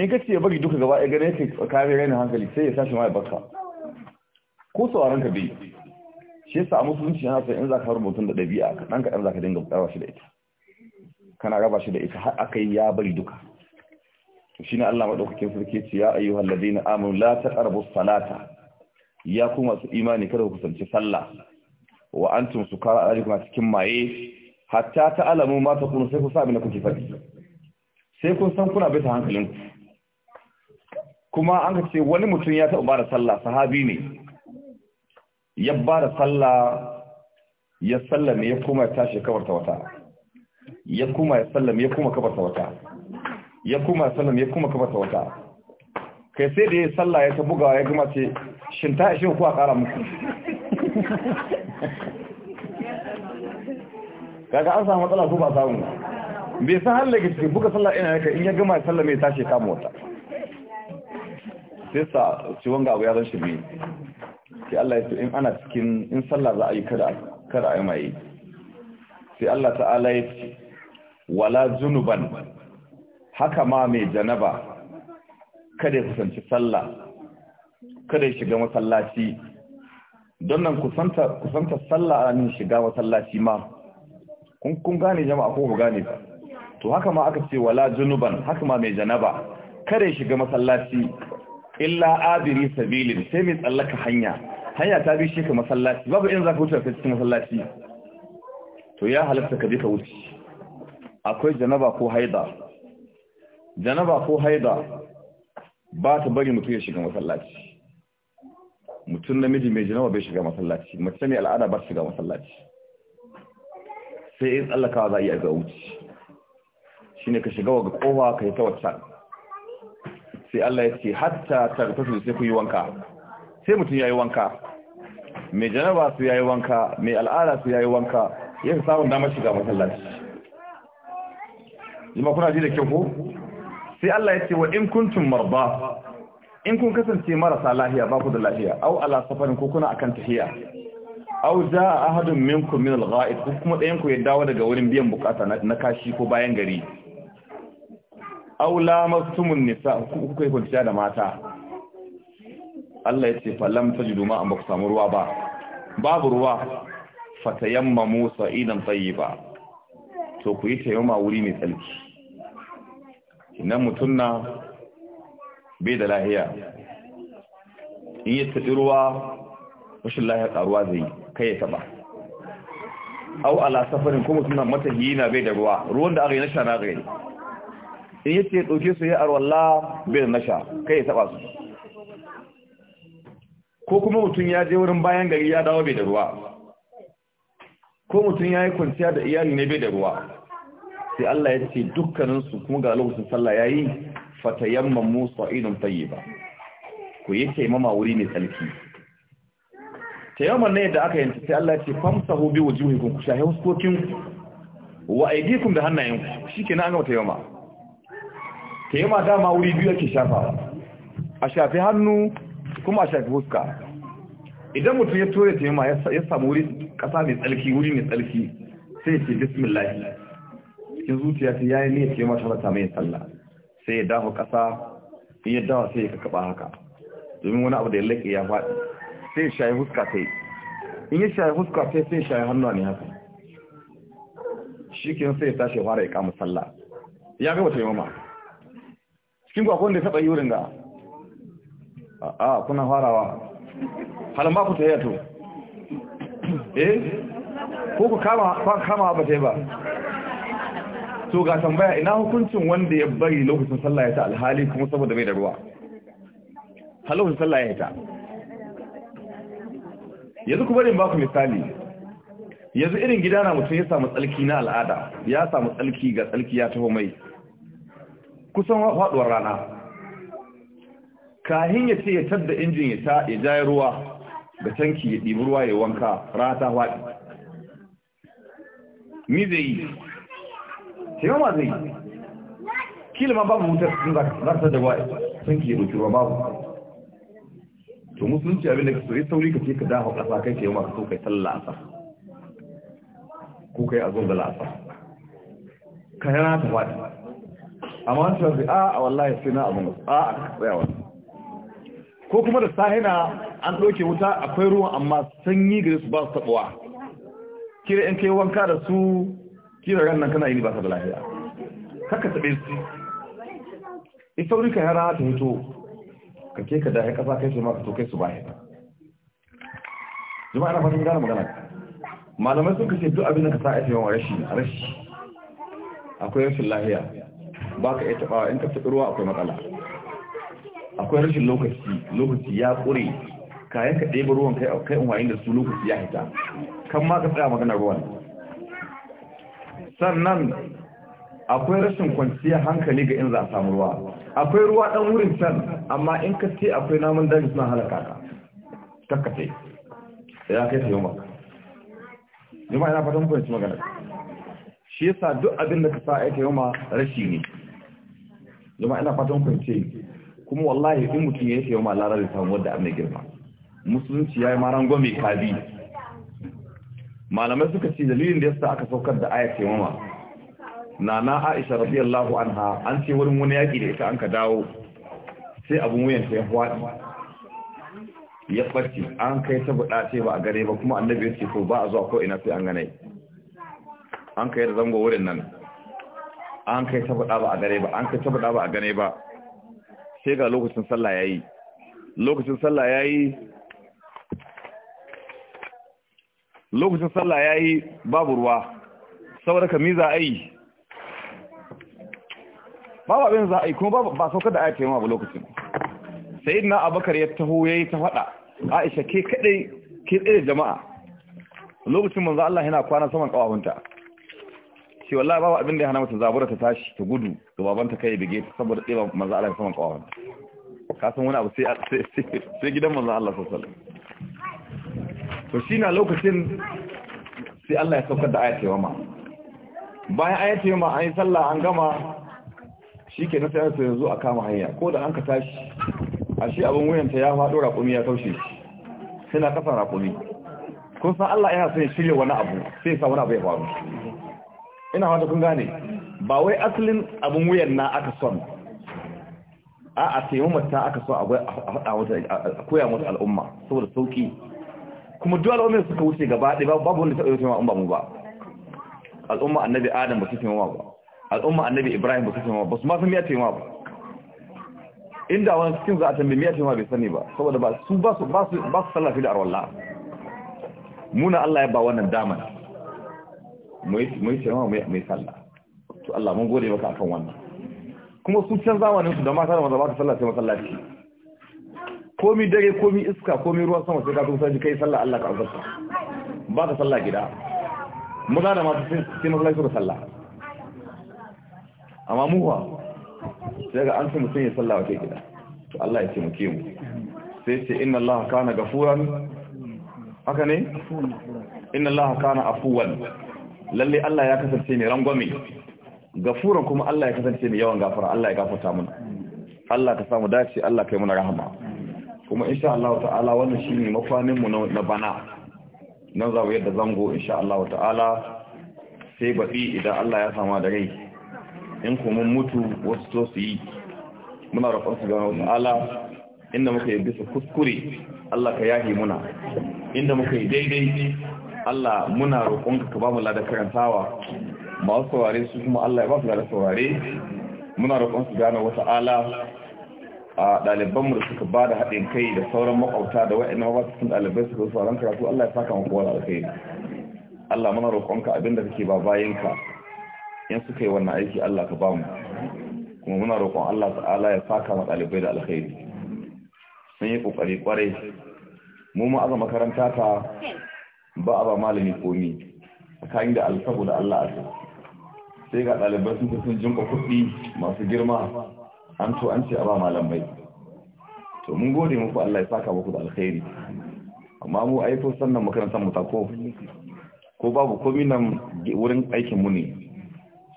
in ka ce bari duka gaba ɗaya gane ka kare na hankali sai ya sashi ma ya baka ko a ka biyu, shi yasa a musulunci yana sai in za ka mutum da ɗabi'a ka ɗan kaɗan za ka dinga raba shi da ita kana raba shi da ita har aka yi ya bari duka shi ne Allah maɗaukakin sarki ce ya ayyuhal ladina amanu la taqrabu salata ya ku masu imani kada ku kusanci sallah wa antum sukara alaikum cikin maye hatta ta'lamu ma taqulu sai ku sabi na kuke faɗi sai kun san kuna bisa hankalinku kuma an ka ce wani mutum ya taɓa bada sallah sahabi ne ya bada sallah ya sallame ya kuma ya tashi ta wata ya kuma ya sallame ya kuma ta wata ya kuma ya sallame ya kuma ta wata kai sai da ya sallah ya ta ya gama ce shin ta shi ku a ƙara muku (laughs) kaga an samu matsala ko ba samu bai san har ke buga sallah ina yake in ya gama ya sallame ya tashi kama wata sai sa ci wanga abu ya zan shirme sai Allah ya ce in ana cikin in sallah za a yi kada kada a yi maye sai Allah ta'ala ya ce wala junuban haka ma mai janaba kada ya kusanci sallah kada ya shiga masallaci don nan kusanta kusanta sallah ne shiga masallaci ma kun kun gane jama'a ko ku gane ba to haka ma aka ce wala junuban haka ma mai janaba kada ya shiga masallaci illa abiri sabilin sai mai tsallaka hanya hanya ta bi shi ka masallaci babu in za ka wuce ka cikin masallaci to ya halatta ka je ka wuce akwai janaba ko haida janaba ko haida ba ta bari mutum ya shiga masallaci mutum namiji mai janaba bai shiga masallaci mace mai al'ada ba shiga masallaci sai in tsallakawa za a yi a ga wuce shine ka shiga wa ga kowa ka yi ta wacce sai Allah ya ce hatta su sai ku yi wanka sai mutum yayi wanka mai janaba su yayi wanka mai al'ada su yayi wanka ya fi samun damar shiga masallaci jima kuna ji da kyau ko sai Allah ya ce wa in kuntum marba in kun kasance marasa lahiya ba ku da lahiya au ala safarin ko kuna akan tahiya au za ahadun minkum min al-gha'id kuma ɗayan ku ya dawo daga wurin biyan bukata na kashi ko bayan gari aw lamastumun nisa kuka yi kwanciya da mata Allah ya ce falam tajidu ma an ba ku samu ruwa ba babu ruwa fatayammamu tsaye tayyiba to ku yi tayammuma wuri mai tsalki idan mutum na bai da lahiya in ya tafi ruwa rashin lahiya karuwa zai kai ya taba au ala safarin kuma mutum na matahiyi na bai da ruwa ruwan da aka yi na shana na gari in yace dauke su ya arwalla bil nasha kai ya taba su ko kuma mutum ya je wurin bayan gari ya dawo bai da ruwa ko mutum ya yi kwanciya da iyali ne bai da ruwa sai Allah ya ce dukkaninsu kuma ga lokacin sallah ya yi fatayamman musa idon tsaye ba ku yi taimama wuri mai tsarki ne da aka yanta sai Allah ya ce famsa hobi wa juhikun ku shahi huskokin wa aidikun da hannayenku shi ke na an gama taimama mata dama wuri biyu ake shafa a shafi hannu kuma a shafi huska idan mutum ya toye taimama ya samu wuri kasa mai tsalki wuri mai tsalki sai ce bismillah cikin zuciya ta yayi ne taimama ta rata mai sallah sai ya dafa kasa in ya dawa sai ya kakaba haka domin wani abu da ya laƙe ya faɗi sai ya shayi huska sai in ya shayi huska sai sai ya shayi hannu ne haka shi kenan sai ya tashi ya fara ya kama sallah ya gaba taimama cikin ku akwai da taɓa wurin ga a kuna farawa halin ba ku ta yato eh ko ku kama ba ta yi ba to ga tambaya ina hukuncin wanda ya bari lokacin sallah ya ta alhali kuma saboda mai da ruwa halin sallah ya ta yanzu ku bari ba ku misali yanzu irin gida na mutum ya samu tsalki na al'ada ya samu tsalki ga tsalki ya taho mai kusan faduwar rana kahin ya ce ya tadda injin ya ta ya jayi ruwa ga tanki ya ɗibi ruwa ya wanka rana ta faɗi mi zai yi ma zai yi kila ma babu wutar sun za ka da ruwa tanki ya ɗauki ruwa babu to musulunci abin da ka so yi sauri ka ce ka dafa ƙasa kai taimama ka so kai sallah a ko kai a zo da la'asa yana ta faɗi amma wani cewa ah, a a wallahi sai na abu a ah, a tsayawa ko kuma da sahina an ɗauke wuta akwai ruwan amma sanyi gare su ba su taɓuwa kira in kai wanka da su kira ran nan kana yi ba ka da lafiya kaka taɓe su ita wuri ka yara ta hito ka ke ka dahi ƙasa kai su ma ka to kai su bahi jima'a na fatan gane magana malamai sun kashe duk abin da ka sa a yi rashi a rashi akwai rashin lahiya ba ka iya taɓawa in ka tafi ruwa akwai matsala akwai rashin lokaci lokaci ya ƙure kayan ka ɗebe ruwan kai in wayin da su lokaci ya hita kan ma ka tsaya magana ruwan sannan akwai rashin kwanciya hankali ga in za a samu ruwa akwai ruwa ɗan wurin can amma in ka ce akwai namun daji suna halaka ka kakkace ya kai ta yi maka. ma ina fatan kwanci magana. shi yasa duk abin da ka sa aika ma rashi ne zama ina fatan kwance kuma wallahi in mutum ya yake ma larar da samu wadda amai girma musulunci ya yi maran gome kabi malamai suka ce dalilin da yasa aka saukar da ce mama na na aisha radiyallahu anha an ce wurin wani yaƙi da ita an ka dawo sai abin wuyan ta ya faɗi ya ɓace an kai ta buɗa ce ba a gare ba kuma annabi ya ce ko ba a zuwa ko ina sai an ganai an kai da zango wurin nan an kai ta faɗa ba a gane ba an kai ta faɗa ba a gane ba sai ga lokacin sallah yayi lokacin sallah yayi lokacin sallah yayi babu ruwa saboda miza ai babu abin za a yi kuma ba saukar da ayata yawa ba lokacin sai na abakar ya taho ya yi ta faɗa aisha ke kaɗai ke tsaye jama'a lokacin manzo Allah yana kwana saman ƙawahunta ce wallahi babu abin da ya hana mutum zabura ta tashi ta gudu ga ta kai bige ta saboda tsiba manzo Allah saman kawawan ka san wani abu sai sai gidan manzo Allah sallallahu alaihi wasallam to na lokacin sai Allah ya saukar da ya ma bayan ya yawma an yi sallah an gama shike na sai sai yanzu a kama hanya ko da an ka tashi ashe abin wuyanta ya faɗo raƙumi ya taushe sai na kafa raƙumi kun san Allah yana son ya shirya wani abu sai sa wani abu ya faru ina wata kun gane ba wai asalin abin wuyan na aka son a a taimamata aka so a koya musu al'umma saboda sauki kuma duk al'ummar suka wuce gaba ɗaya babu wanda ta yi taimama ba mu ba al'umma annabi adam ba su taimama ba al'umma annabi ibrahim ba su taimama ba su ma san miya taimama ba inda wani cikin za a tambayi miya taimama bai sani ba saboda ba su ba su ba su sallafi da arwallah muna allah ya ba wannan damar mu yi cewa mu yi sallah to Allah mun gode maka akan wannan kuma su can zamanin su da mata da maza ba su sallah sai masallaci komi dare komi iska komi ruwan sama sai ka zo sai kai sallah Allah ka albarka ba ka sallah gida maza da mata sai masallaci su ka sallah amma ba sai ga an ce mutum ya sallah wata gida to Allah ya ce mu mu sai ce inna Allah kana gafuran haka ne inna Allah kana afuwan lalle Allah ya kasance mai rangwame gafuran kuma Allah ya kasance mai yawan gafara Allah ya gafarta mana Allah ka samu dace Allah kai muna rahama kuma insha Allah ta'ala wannan shine mafanin mu na bana na za yadda zango insha Allah ta'ala sai baɗi idan Allah ya sama da rai in kuma mutu wasu to su yi muna roƙon su ga Allah inda muka yi bisa kuskure Allah ka yahi muna inda muka yi daidai Allah muna roƙonka ka ba mu lada karantawa masu saurare su kuma Allah ya ba su lada saurare muna roƙon su gane wata ala a ɗalibanmu da suka ba da haɗin kai da sauran makwabta da wa'in ma ba su ɗalibai su zuwa ran karatu Allah ya saka maka wani alkhairi Allah muna roƙonka abinda da kake ba bayanka in suka yi wannan aiki Allah ka ba mu kuma muna roƙon Allah ta'ala ya saka ma ɗalibai da alkhairi sun yi ƙoƙari ƙwarai mu ma aza makaranta ta ba a ba malami komi tsakanin da alkabu da Allah aka sai ga ɗaliban sun sun jinka kuɗi masu girma an to an ce a ba malamai to mun gode muku Allah ya saka muku da alkhairi amma mu aiko sannan makarantar mu ta ko babu komi nan wurin aikin mu ne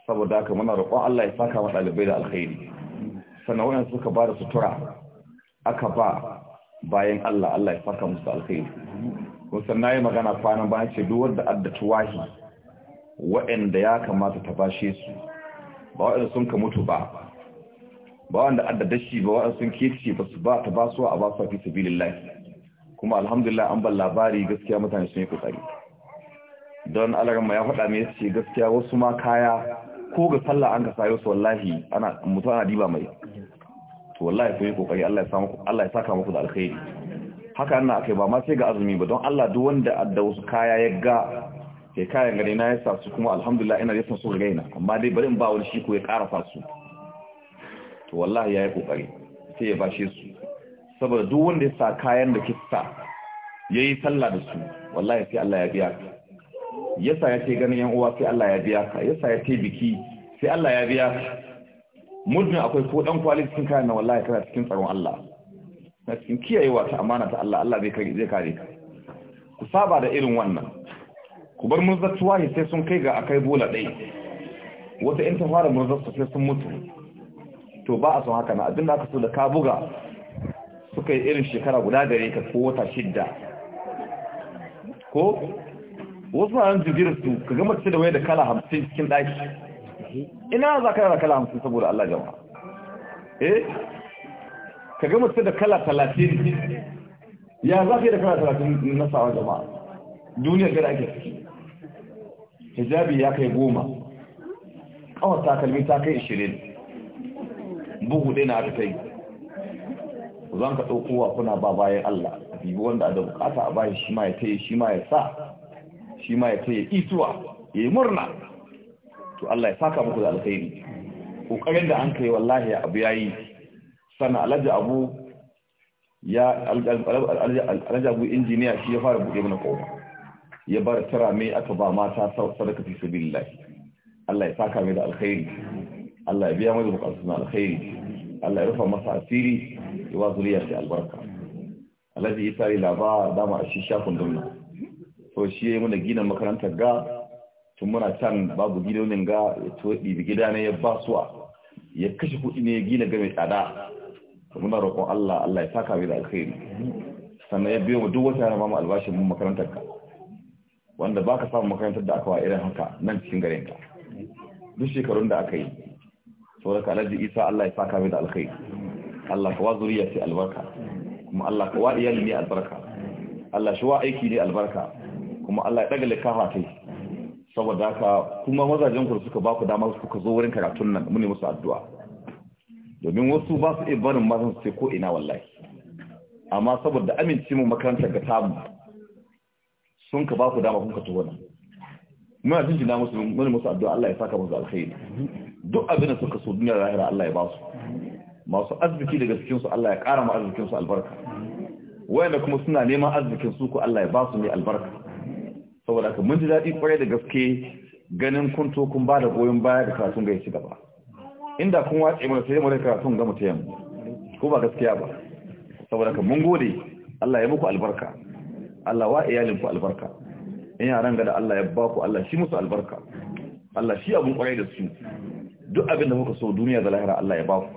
saboda haka muna roƙon Allah ya saka wa ɗalibai da alkhairi sannan wannan suka ba da sutura aka ba bayan Allah Allah ya saka musu alkhairi kun san nayi magana kwanan bayan ce duk wanda adda tuwahi waɗanda ya kamata ta bashe su ba waɗanda sun ka mutu ba ba wanda adda dashi ba waɗanda sun kici ba su ba ta ba su a ba su fi sabilillah kuma alhamdulillah an ban labari gaskiya mutane sun yi kokari don alarma ya faɗa mai ce gaskiya wasu ma kaya ko ga sallah an ka sayo su wallahi ana mutu ana diba mai to wallahi kun yi kokari Allah ya saka muku da alkhairi haka ana akai ba ma sai ga azumi ba don Allah duk wanda adda wasu kaya ya ga sai kayan gani na ya sa su kuma alhamdulillah ina yasan su gaina amma dai bari in ba wani shi ko ya karasa su to wallahi yayi kokari sai ya bashe su saboda duk wanda ya sa kayan da sa yayi sallah da su wallahi sai Allah ya biya ka yasa ya ce ganin yan uwa sai Allah ya biya ka yasa ya ce biki sai Allah ya biya ka akwai ko dan kwali kayan na wallahi kana cikin tsaron Allah na cikin kiyaye ta amana ta Allah Allah zai kare ka ku saba da irin wannan ku bar murzatuwa ne sai sun kai ga akai bola ɗaya. wata in ta fara murzatu sai sun mutu to ba a son haka na abin da aka so da ka buga suka yi irin shekara guda gare ka ko wata shidda ko wasu na nan jirgin su ka gama ce da waya da kala hamsin cikin ɗaki ina za ka da kala hamsin saboda Allah jama'a eh ka gama da kala talatin ya za ka yi da kala talatin na sawa jama'a duniyar gada ake ciki hijabi ya kai goma kawar takalmi ta kai ishirin bugu ɗaya na aka kai zan ka ɗaukowa kuna ba bayan Allah bibi wanda da bukata a bayan shi ma ya taya shi ma ya sa shi ma ya taya ituwa ya yi murna to Allah ya saka muku da alkhairi ƙoƙarin da an kai wallahi abu ya yi sannan alhaji abu ya alhaji abu injiniya shi ya fara buɗe mana ƙofa ya bar tara mai aka ba mata sadaka fi sabilillah Allah ya saka mai da alkhairi Allah ya biya mai da bukatun alkhairi Allah ya rufa masa asiri ya ba zuriya shi albarka alhaji ya tari labar dama a shi shafin dunna so shi ya yi mana gina makarantar ga tun muna can babu gidonin ga ya tuwaɗi da gida ne ya ba suwa ya kashe kuɗi ne ya gina ga mai tsada muna roƙon Allah Allah ya saka mu da alkhairi sannan ya biyo mu duk wata yana mu albashin mu makarantar ka wanda baka samu makarantar da aka wa irin haka nan cikin garin ka duk shekarun da aka yi saboda Alhaji Isa Allah ya saka mu da alkhairi Allah ka wa ce albarka kuma Allah ka wa iyali ne albarka Allah shi wa aiki ne albarka kuma Allah ya daga likafa kai saboda haka kuma mazajen ku suka ba ku dama kuka zo wurin karatun nan mu ne musu addu'a domin wasu ba su iya barin mazan su ko ina wallahi amma saboda amince mu makarantar ga tamu sun ka ba ku dama kun ka tuwo nan muna jinjina musu wani musu addu'a Allah ya saka musu alkhairi duk abin da suka so duniya lahira Allah ya ba su masu arziki daga cikin su Allah ya kara ma arzikin su albarka wayanda kuma suna neman arzikin su ko Allah ya ba su ne albarka saboda ka mun ji daɗi kwarai da gaske ganin kun to kun ba da goyon baya da karatun ga ya ci gaba inda kun watsa mana sai mun da karatun ga mutum ko ba gaskiya ba saboda kan mun gode Allah ya muku albarka Allah wa iyalin ku albarka in yaran ga da Allah ya ba ku Allah shi musu albarka Allah shi abun kwarai da su duk abin da so duniya da lahira Allah ya ba ku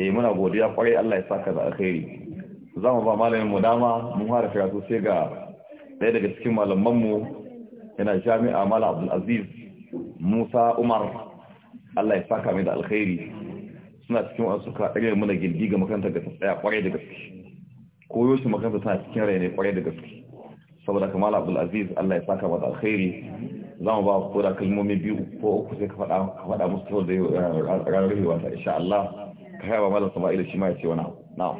eh muna godiya kwarai Allah ya saka da alkhairi za mu ba malamin mu dama mun fara karatu sai ga ɗaya daga cikin malaman mu yana jami'a Malam Abdul Aziz Musa Umar Allah ya saka mai da alkhairi suna cikin wasu ka ɗagar mana gilgi ga makarantar da ta tsaya kwarai da gaske koyo shi makarantar tana cikin rai ne kwarai da gaske saboda kamal abdulaziz Allah ya saka mata alkhairi za mu ba ku da kalmomi biyu ko uku sai ka faɗa musu kawai da ranar rahewa ta insha Allah ka haya ba malam sama'ila shi ma ya ce wani abu na'am